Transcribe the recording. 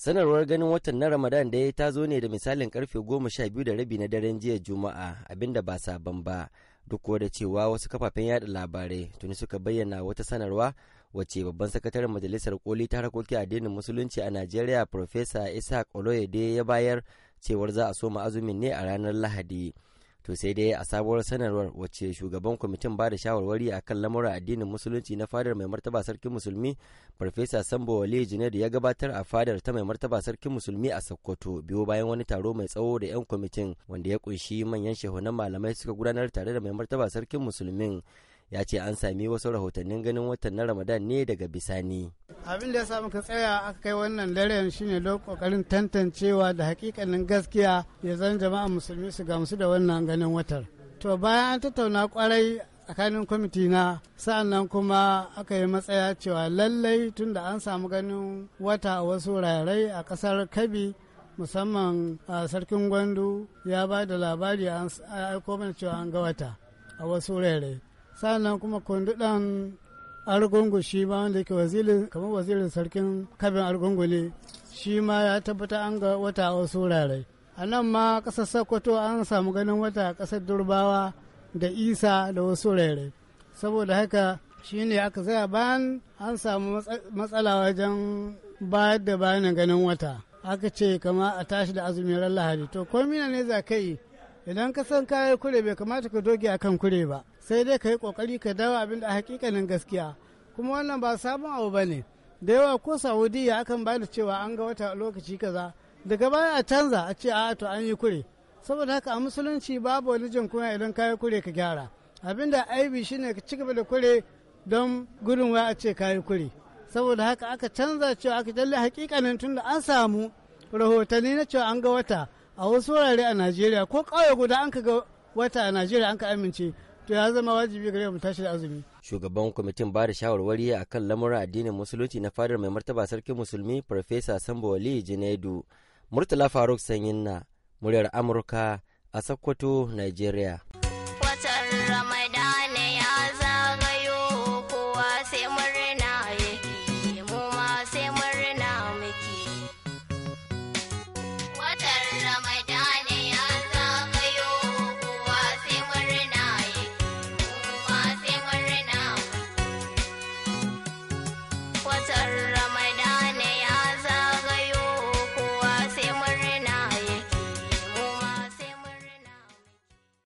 sanarwar ganin watan na ramadan da ya ta zo ne da misalin karfe goma sha biyu da rabi na daren jiya juma'a abinda ba sabon ba duk da cewa wasu kafafen yada labarai tuni suka bayyana wata sanarwa wacce babban sakataren majalisar koli ta harkokin addinin musulunci a najeriya professor isaac oloyede ya bayar cewar za a soma azumin ne a ranar lahadi to sai dai a sabuwar sanarwar wacce shugaban kwamitin ba da shawarwari a kan lamura addinin musulunci na fadar mai martaba sarkin musulmi farfesa sambo wale junaidu ya gabatar a fadar ta mai martaba sarkin musulmi a sokoto biyo bayan wani taro mai tsawo da yan kwamitin wanda ya kunshi manyan shehunan malamai suka gudanar tare da mai martaba sarkin musulmin ya ce an sami wasu rahotannin ganin watan na ramadan ne daga bisani abin da ya samu ka tsaya aka kai wannan daren shine don kokarin tantancewa da hakikanin gaskiya ya zan jama'a musulmi su gamsu da wannan ganin watar to bayan an tattauna kwarai tsakanin kwamiti na sa'an nan kuma aka yi matsaya cewa lallai tunda an samu ganin wata a wasu wurare a kasar kabi musamman a sarkin gwandu ya ba da labari a aiko mana cewa an ga wata a wasu rarai sannan kuma kunduɗan argungu shi ma wanda yake wazirin kamar wazirin sarkin kabin argungu ne shi ma ya tabbata an ga wata a wasu wurare a nan ma ƙasar sokoto an samu ganin wata a ƙasar durbawa da isa da wasu wurare saboda haka shi ne aka zaya bayan an samu matsala wajen bayar da bayanin ganin wata aka ce kama a tashi da azumin ran lahadi to ko mina ne za ka yi idan ka san kayan kure bai kamata ka doge akan kure ba sai dai ka yi kokari ka dawo abin da hakikanin gaskiya kuma wannan ba sabon abu ba ne da yawa ko saudiya akan ba cewa an ga wata lokaci kaza daga baya a canza a ce a to an yi kure saboda haka a musulunci babu wani jin kuma idan ka yi kure ka gyara abinda da aibi shine ka cigaba da kure don gudun waya a ce ka yi kure saboda haka aka canza cewa aka jalle hakikanin tunda an samu rahotanni na cewa an ga wata a wasu wurare a najeriya ko ƙauye guda an ka ga wata a najeriya an ka amince to ya zama wajibi gare mu tashi da azumi shugaban kwamitin ba da shawarwari a kan lamura addinin musulunci na fadar mai martaba sarkin musulmi farfesa sambo wali jinaidu murtala faruk sanyin na muryar amurka a sokoto nigeria